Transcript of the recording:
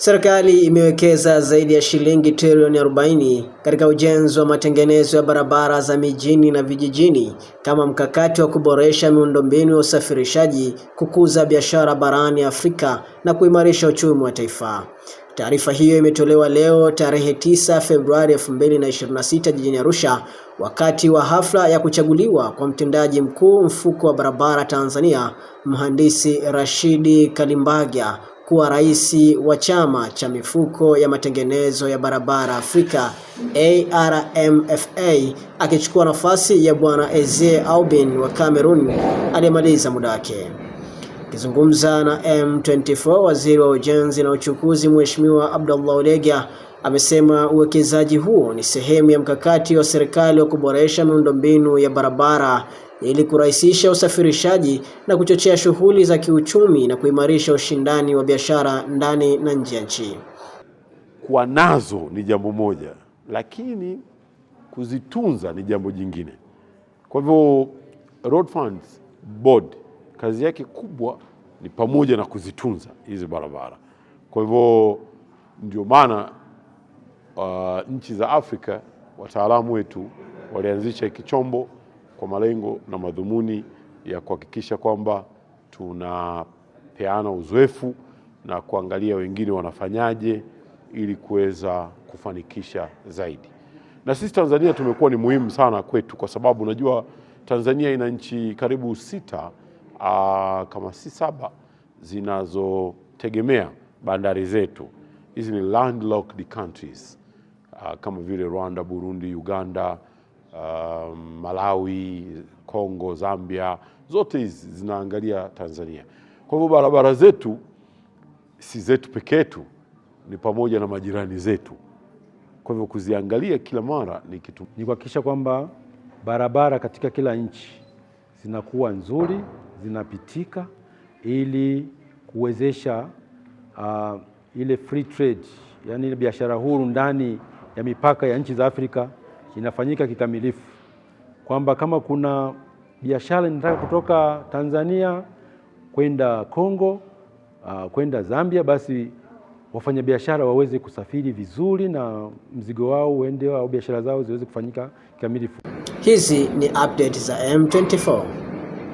Serikali imewekeza zaidi ya shilingi trilioni 40 katika ujenzi wa matengenezo ya barabara za mijini na vijijini kama mkakati wa kuboresha miundombinu ya usafirishaji, kukuza biashara barani Afrika na kuimarisha uchumi wa taifa. Taarifa hiyo imetolewa leo tarehe 9 Februari 2026 jijini Arusha wakati wa hafla ya kuchaguliwa kwa mtendaji mkuu mfuko wa barabara Tanzania, Mhandisi Rashidi Kalimbaga kuwa rais wa chama cha mifuko ya matengenezo ya barabara Afrika ARMFA akichukua nafasi ya bwana Eze Aubin wa Cameroon aliyemaliza muda wake. Akizungumza na M24, waziri wa ujenzi na uchukuzi Mheshimiwa Abdallah Ulega amesema uwekezaji huo ni sehemu ya mkakati wa serikali wa kuboresha miundombinu ya barabara ili kurahisisha usafirishaji na kuchochea shughuli za kiuchumi na kuimarisha ushindani wa biashara ndani na nje ya nchi. Kuwa nazo ni jambo moja, lakini kuzitunza ni jambo jingine. Kwa hivyo Road Funds Board kazi yake kubwa ni pamoja na kuzitunza hizi barabara. Kwa hivyo ndio maana uh, nchi za Afrika wataalamu wetu walianzisha hiki chombo kwa malengo na madhumuni ya kuhakikisha kwamba tunapeana uzoefu na kuangalia wengine wanafanyaje ili kuweza kufanikisha zaidi. Na sisi Tanzania tumekuwa ni muhimu sana kwetu, kwa sababu unajua Tanzania ina nchi karibu sita aa, ah, kama si saba zinazotegemea bandari zetu. Hizi ni landlocked countries aa, ah, kama vile Rwanda, Burundi, Uganda uh, Malawi, Kongo, Zambia, zote hizi zinaangalia Tanzania. Kwa hivyo barabara zetu si zetu peke yetu, ni pamoja na majirani zetu. Kwa hivyo kuziangalia kila mara ni kitu, ni kuhakikisha kwamba barabara katika kila nchi zinakuwa nzuri, zinapitika ili kuwezesha uh, ile free trade, yani ile biashara huru ndani ya mipaka ya nchi za Afrika inafanyika kikamilifu, kwamba kama kuna biashara inataka kutoka Tanzania kwenda Kongo, uh, kwenda Zambia, basi wafanyabiashara waweze kusafiri vizuri na mzigo wao uende au biashara zao ziweze kufanyika kikamilifu. Hizi ni update za M24.